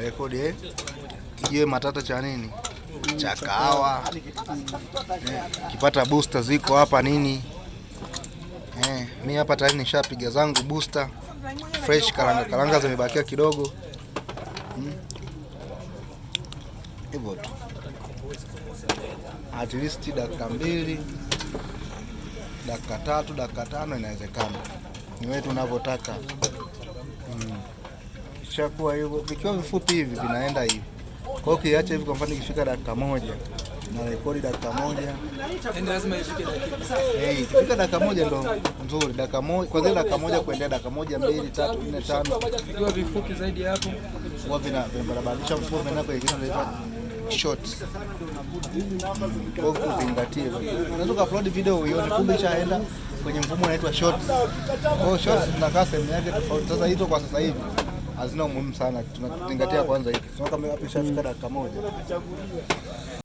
rekodi eh, kijiwe matata cha nini cha kahawa eh, kipata booster ziko hapa nini eh, mi hapa tayari nishapiga zangu booster fresh, karanga karanga zimebakia kidogo hmm. hivyo hmm, tu at least dakika mbili dakika tatu dakika tano inawezekana, ni wewe tunavyotaka mm ikishakuwa hivyo, vikiwa vifupi hivi vinaenda hivi. Kwa hiyo ukiacha hivi, kwa mfano ikifika dakika moja na rekodi dakika moja yaani ikifika dakika moja ndo nzuri, dakika moja kwanza, dakika moja kuendea dakika moja mbili tatu nne tano, vikiwa vifupi zaidi hapo huwa vinabarabadisha mfumo naonaitwa short kwa kuzingatia, unaweza kuupload video uione, kumbe ishaenda kwenye mfumo unaitwa short. Kwa hiyo short zinakaa sehemu yake tofauti. Sasa hizo kwa sasa hivi hazina umuhimu sana, tunazingatia kwanza hiki. Tunaona kama hapa ishafika dakika moja.